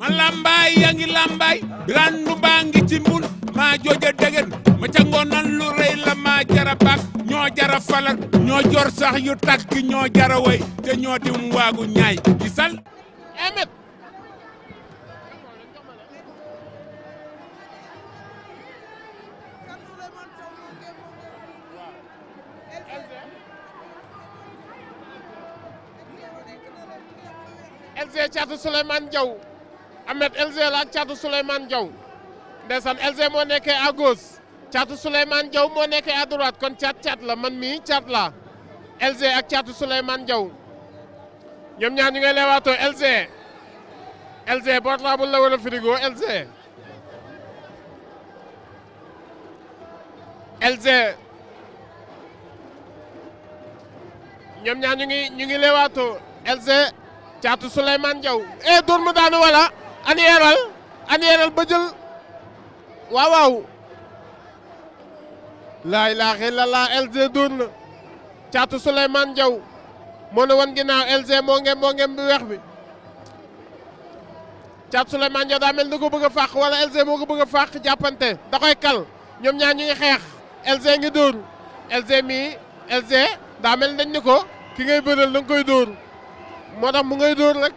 ma lambaay yaa ngi lambaay randu baa ngi ci mbul maa jooja degen ma ca ngoonan lu rëy la maa jara baak ñoo jara falal ñoo jor sax yu takk ñoo jara way te ñoo dim waagu ñaay gisal emet Ahmed LG la ak Thiatou Souleymane Diaw ndeysaan LG moo nekke à gauche Thiatou Souleymane moo nekkee à droite kon Thiat Thiat la man mii Thiat laa LG ak caatu Souleymane Diaw ñoom ñaar ñu ngay leewaatoo LG LG portable la wala frigo LG LG ngi ñu ngi leewaatoo LG eh, mu daanu wala arrièreal arrièreal ba jël waaw waaw laa ilaaha illallah LG dóor na caatu Souleymane Diaw moo ne wan ginnaaw LG moo ngem moo ngem bi weex bi caatu Souleymane Diaw daa mel ni ko bëgg a fàq wala LG moo ko bëgg a fàq jàppante da koy kal ñoom ñaar ngi xeex LG ngi dóor LG mii LG daa mel dañ ni ko ki ngay bëral da nga koy dóor moo tax mu ngay dóor rek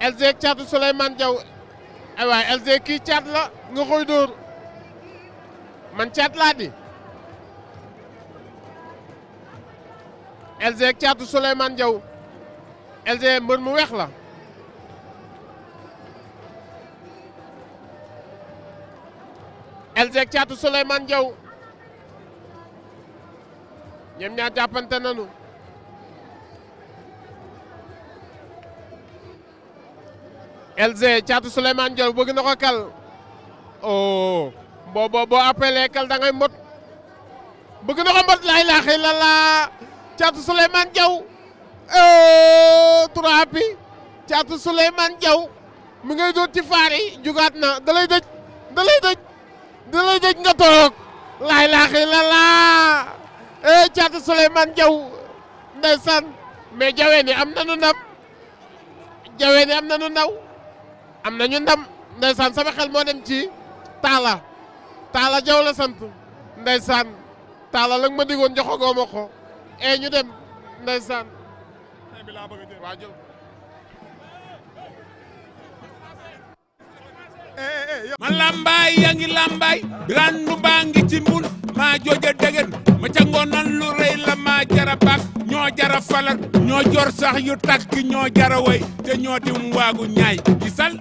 LG caatu Souleymane Diaw ay waay LG caat la nga koy man caat laa di LG caatu Souleymane Diaw LG mbër mu weex la LG caatu Souleymane Diaw ñoom ñaar jàppante nañu LG Thiatou Souleymane Diop bëgg na ko kal oh boo boo boo appelé kal da mbot bëgg na ko mbot laa ilaaha illallaah Thiatou Souleymane Diop oh, trois bi Thiatou Souleymane Diop mi ngay doon ci faar yi na da lay dëj nga toog laa ilaaha illallaah eh Thiatou Souleymane Diop ndeysaan mais jawee ni am na nu ndam jawee am na nu ndaw am nañu ndam ndeysaan sama xel moo dem ci taala taala jaw la sant ndeysaan taala la nga ma digoon joxagoo ma ko e, dem ndeysaan e, e, ma lambaay yaa ngi lambaay biran nu baa ngi ci maa jooja degen ma ca lu rëy la maa jara bak ñoo jara falal ñoo jor sax yu tàkk ñoo jara way te ñoo dim waagu ñaay gisal